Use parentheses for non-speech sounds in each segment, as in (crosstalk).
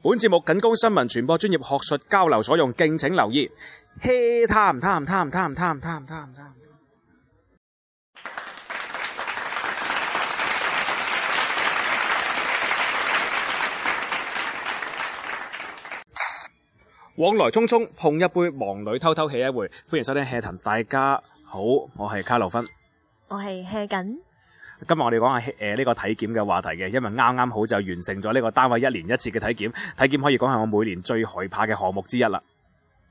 本節目僅供新聞傳播專業學術交流所用，敬請留意。HEA，談談談談談談談談，往來匆匆碰一杯，忙裏偷偷喜一回。歡迎收聽《HEA 談》，大家好，我係卡羅芬，我係 HEA 緊。今日我哋講下誒呢、呃這個體檢嘅話題嘅，因為啱啱好就完成咗呢個單位一年一次嘅體檢，體檢可以講係我每年最害怕嘅項目之一啦。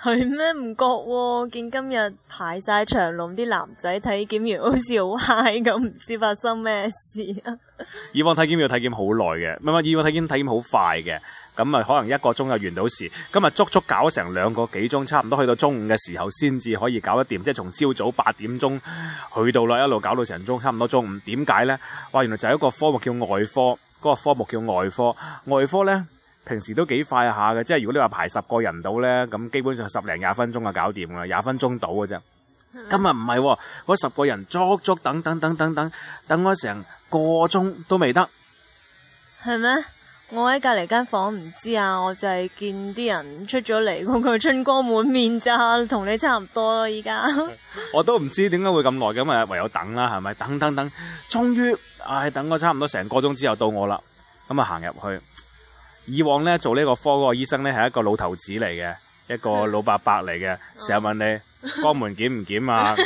係咩？唔覺、啊？見今日排晒長龍啲男仔體檢完好，好似好嗨 i 咁，唔知發生咩事啊？ (laughs) 以往體檢要體檢好耐嘅，唔係係，以往體檢體檢好快嘅。咁咪、嗯、可能一個鐘就完到時，今日足足搞成兩個幾鐘，差唔多去到中午嘅時候先至可以搞得掂，即係從朝早八點鐘去到啦，一路搞到成鐘，差唔多中午。點解呢？哇，原來就係一個科目叫外科，嗰、嗰個科目叫外科。外科呢，平時都幾快下嘅，即係如果你話排十個人到呢，咁基本上十零廿分，分鐘就搞掂啦，廿分鐘到嘅啫。今日唔係，嗰十個人足足等等等等等等等，等咗成個鐘都未得。係咩？我喺隔籬間房唔知啊，我就係見啲人出咗嚟，咁佢春光滿面咋，同你差唔多咯，依家。我都唔知點解會咁耐嘅，咁啊唯有等啦，係咪？等等等，終於，唉、哎，等咗差唔多成個鐘之後到我啦，咁啊行入去。以往咧做呢個科嗰個醫生咧係一個老頭子嚟嘅，一個老伯伯嚟嘅，成日問你肛、哦、門檢唔檢啊？ (laughs)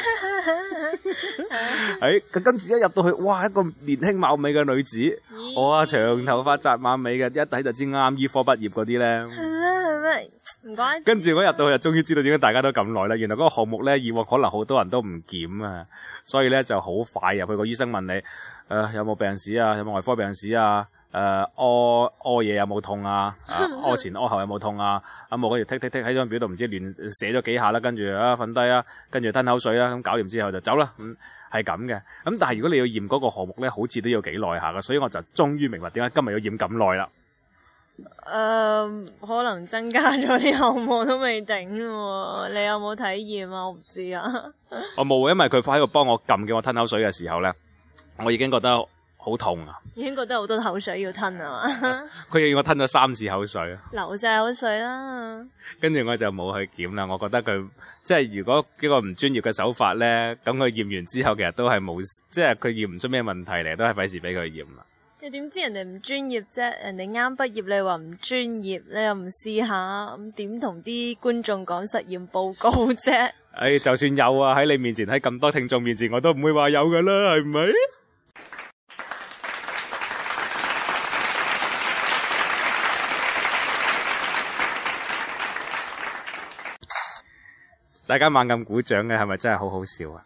哎，佢跟住一入到去，哇，一個年輕貌美嘅女子。我啊、哦，長頭髮紮馬尾嘅，一睇就知啱醫科畢業嗰啲咧。係咩係咩？唔怪。跟住我入到去，就終於知道點解大家都咁耐啦。原來嗰個項目咧，以往可能好多人都唔檢啊，所以咧就好快入去，個醫生問你，誒、呃，有冇病史啊？有冇外科病史啊？誒、呃，屙屙嘢有冇痛啊？屙、啊、前屙後有冇痛啊？咁我嗰時剔剔剔喺張表度，唔知亂寫咗幾下啦。跟住啊，瞓低啊，跟住吞口水啊，咁搞掂之後就走啦。嗯係咁嘅，咁但係如果你要驗嗰個項目咧，好似都要幾耐下㗎，所以我就終於明白點解今日要驗咁耐啦。誒，uh, 可能增加咗啲項目都未定喎，你有冇體驗啊？我唔知啊。 (laughs) 我冇，因為佢喺度幫我撳嘅，我吞口水嘅時候咧，我已經覺得，好痛啊！已經覺得好多口水要吞啊嘛！佢要我吞咗三次口水，流晒口水啦。跟住我就冇去檢啦。我覺得佢即係如果呢個唔專業嘅手法咧，咁佢驗完之後其實都係冇，即係佢驗唔出咩問題嚟，都係費事俾佢驗啦。你點知人哋唔專業啫？人哋啱畢業你話唔專業，你又唔試下咁，點同啲觀眾講實驗報告啫？誒、 (laughs) 哎，就算有啊，喺你面前，喺咁多聽眾面前，我都唔會話有㗎啦，係咪？大家猛咁鼓掌嘅，係咪真係好好笑啊？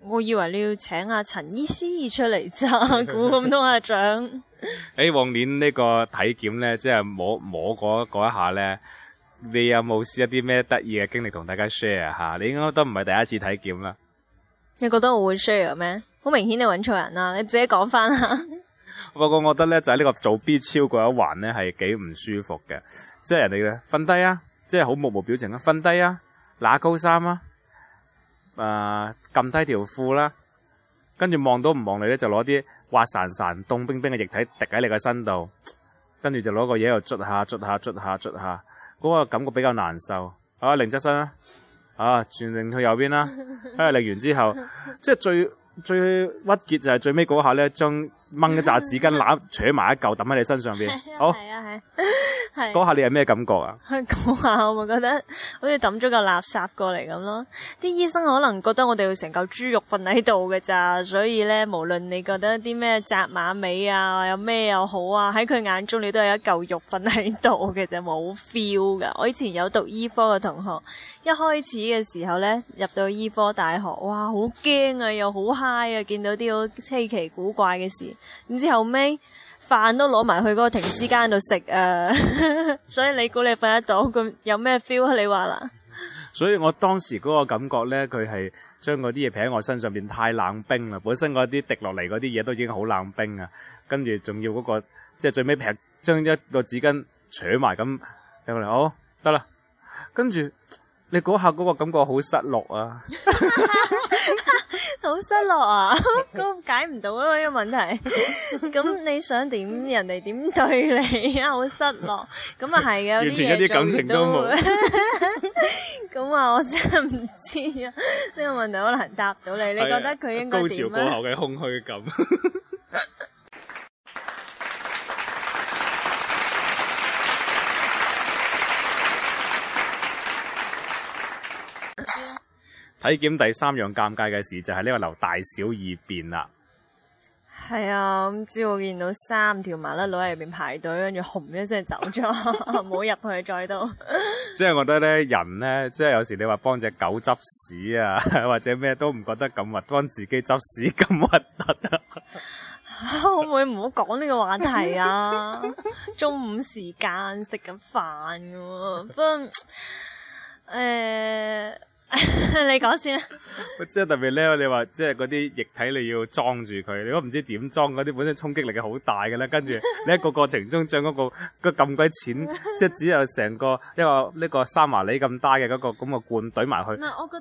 我以為你要請阿陳醫師出嚟揸鼓咁多阿掌。誒、 (laughs) (laughs) 欸，往年呢個體檢咧，即係摸摸嗰一下咧，你有冇試一啲咩得意嘅經歷同大家 share 吓？你應該都唔係第一次體檢啦。 (laughs) 你覺得我會 share 咩？好明顯你揾錯人啦，你自己講翻啦。不 (laughs) 過我覺得咧，就喺呢個做 B 超嗰一環咧，係幾唔舒服嘅，即係人哋瞓低啊，即係好目無表情啊，瞓低啊。拿高衫啦，啊，撳、呃、低條褲啦、啊，跟住望都唔望你咧，就攞啲滑潺潺、凍冰冰嘅液體滴喺你嘅身度，跟住就攞個嘢喺度捽下、捽下、捽下、捽下，嗰、這個感覺比較難受。啊，擰側身啦、啊，啊轉擰去右邊啦、啊，喺度擰完之後， (laughs) 即係最最屈結就係最尾嗰下咧，將掹一紮紙巾攬， (laughs) 扯埋一嚿抌喺你身上邊。 (laughs) 好，係啊，嗰下你係咩感覺啊？嗰下我咪覺得好似抌咗嚿垃圾過嚟咁咯。啲醫生可能覺得我哋要成嚿豬肉瞓喺度嘅咋，所以咧，無論你覺得啲咩紮馬尾啊，有咩又好啊，喺佢眼中你都係一嚿肉瞓喺度嘅啫，冇 feel 噶。我以前有讀醫科嘅同學，一開始嘅時候咧，入到醫科大學，哇，好驚啊，又好 high 啊，見到啲好稀奇古怪嘅事。點知後屘飯都攞埋去嗰個停屍間度食啊！ (laughs) 所以你估你瞓得到？咁有咩 feel 啊？你話啦？所以我當時嗰個感覺咧，佢係將嗰啲嘢劈喺我身上邊太冷冰啦，本身嗰啲滴落嚟嗰啲嘢都已經好冷冰啊，跟住仲要嗰、嗰個即係最尾劈，將一個紙巾扯埋咁嚟，好得啦，跟住你嗰下嗰個感覺好失落啊！ (laughs) 好失落啊，都解唔到啊，呢個問題。咁 (laughs) 你想點？人哋點對你啊？ (laughs) 好失落。咁啊係啊，有啲嘢，感情都冇。咁啊，我真係唔知啊。呢個問題好難答到你。你覺得佢應該點？高潮過後嘅空虛感。 (laughs) 體檢第三樣尷尬嘅事就係、是、呢個樓大小二便啦。係啊，咁之我見到三條麻甩佬喺入邊排隊，跟住紅一聲走咗，冇入 (laughs) 去再度。 (laughs) 即係我覺得咧，人咧，即係有時你話幫隻狗執屎啊，或者咩都唔覺得咁核，幫自己執屎咁核突啊！可唔可以唔好講呢個話題啊？ (laughs) 中午時間食緊飯嘅喎，不過誒。欸 (laughs) 你講說先吧， (laughs) 即係特別咧，你話即係嗰啲液體你要裝住佢，你都唔知點裝嗰啲本身衝擊力係好大嘅咧，跟住你一個過程中將嗰，那個個咁鬼淺， (laughs) 即係只有成個一個呢個三麻里咁大嘅嗰，那個咁個罐懟埋去，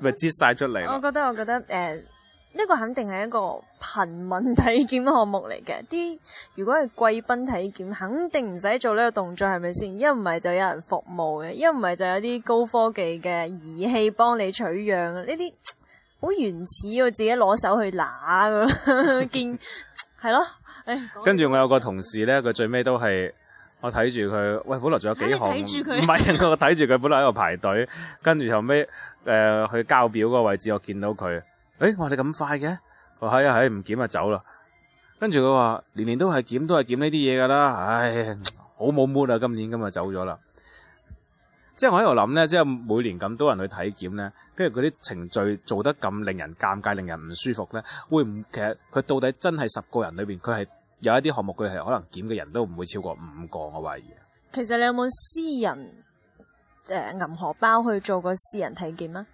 咪擠晒出嚟。我覺得我覺得誒。呢個肯定係一個貧民體檢項目嚟嘅，啲如果係貴賓體檢，肯定唔使做呢個動作，係咪先？一唔係就有人服務嘅，一唔係就有啲高科技嘅儀器幫你取樣。呢啲好原始，要自己攞手去拿嘅， (laughs) 見係咯。 (laughs) 哎、跟住我有個同事呢，佢最尾都係我睇住佢，喂，本來仲有幾項，唔係我睇住佢，本來喺度排隊，跟住後尾，誒、呃、去交表嗰個位置，我見到佢。誒，我哋咁快嘅？佢係啊係，唔檢啊走啦。跟住佢話年年都係檢，都係檢呢啲嘢噶啦，唉，好冇 mood 啊！今年今日走咗啦。即係我喺度諗咧，即係每年咁多人去體檢咧，跟住嗰啲程序做得咁令人尷尬、令人唔舒服咧，會唔其實佢到底真係十個人裏邊，佢係有一啲項目，佢係可能檢嘅人都唔會超過五個，我懷疑。其實你有冇私人誒銀荷包去做過私人體檢啊？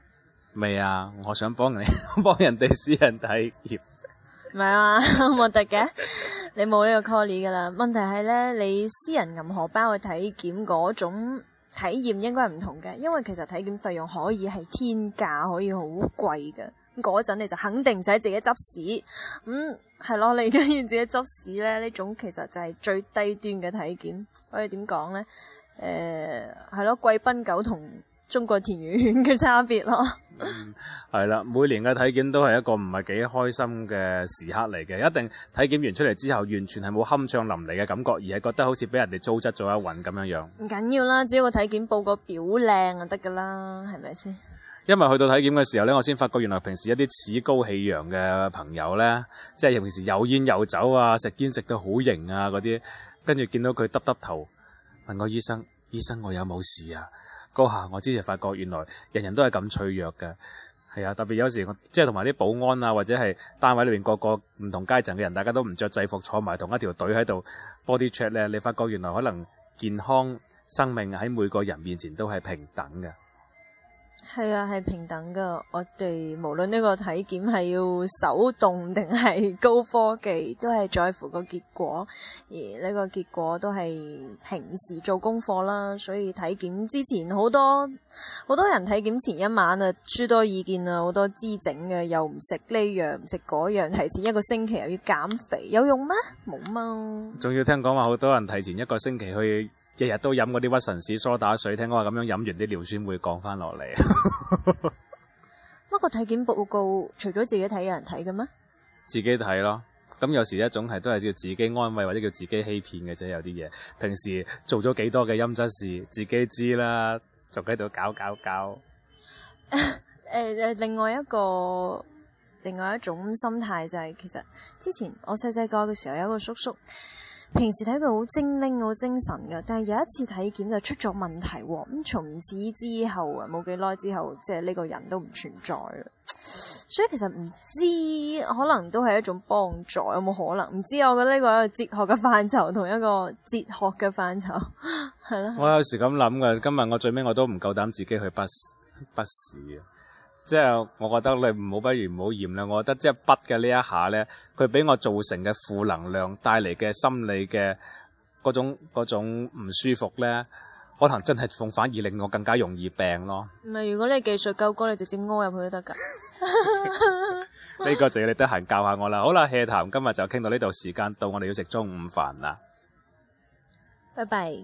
未啊！我想幫你幫人哋私人體檢，唔係啊，無敵嘅，你冇呢個 call 㗎喇。問題係咧，你私人銀荷包去體檢嗰種體驗應該係唔同嘅，因為其實體檢費用可以係天價，可以好貴嘅。嗰陣你就肯定唔使自己執屎，咁係咯，你而家要自己執屎咧，呢種其實就係最低端嘅體檢。可以點講咧？誒係咯，貴賓狗同中國田園犬嘅差別咯，嗯，係啦。每年嘅體檢都係一個唔係幾開心嘅時刻嚟嘅。一定體檢完出嚟之後，完全係冇酣暢淋漓嘅感覺，而係覺得好似俾人哋糟質咗一輪咁樣樣。唔緊要啦，只要個體檢報告表靚就得噶啦，係咪先？因為去到體檢嘅時候呢，我先發覺原來平時一啲趾高氣揚嘅朋友呢，即係平時又煙又酒啊，食煙食到好型啊嗰啲，跟住見到佢耷耷頭，問個醫生，醫生我有冇事啊？高下、啊，我之前發覺原來人人都係咁脆弱嘅，係啊，特別有時即係同埋啲保安啊，或者係單位裏面個個唔同階層嘅人，大家都唔着制服坐埋同一條隊喺度 body check 咧，你發覺原來可能健康生命喺每個人面前都係平等嘅。係啊，係平等噶。我哋無論呢個體檢係要手動定係高科技，都係在乎個結果。而呢個結果都係平時做功課啦。所以體檢之前好多好多人體檢前一晚啊，諸多意見啊，好多姿整嘅，又唔食呢樣唔食嗰樣，提前一個星期又要減肥，有用咩？冇冇。仲要聽講話，好多人提前一個星期去。日日都飲嗰啲屈臣氏梳打水，聽我話，咁樣飲完啲尿酸會降翻落嚟。不 (laughs) 過體檢報告除咗自己睇，有人睇嘅咩？自己睇咯。咁有時一種係都係叫自己安慰或者叫自己欺騙嘅啫。有啲嘢平時做咗幾多嘅陰質事，自己知啦，就喺度搞搞搞。誒誒，另外一個另外一種心態就係、是、其實之前我細細個嘅時候有一個叔叔。平時睇佢好精靈，好精神噶，但係有一次體檢就出咗問題，咁從此之後冇幾耐之後，即係呢個人都唔存在啦。所以其實唔知，可能都係一種幫助，有冇可能？唔知，我覺得呢個係一個哲學嘅範疇，同一個哲學嘅範疇，係咯。我有時咁諗噶，今日我最尾我都唔夠膽自己去筆筆試。即係我覺得你唔好不如唔好驗啦，我覺得即係筆嘅呢一下咧，佢俾我造成嘅負能量，帶嚟嘅心理嘅嗰種嗰種唔舒服咧，可能真係反反而令我更加容易病咯。唔係，如果你技術夠高，你直接屙入去都得噶。呢個就要你得閒教下我啦。好啦，HEA 談今日就傾到呢度，時間到，我哋要食中午飯啦。拜拜。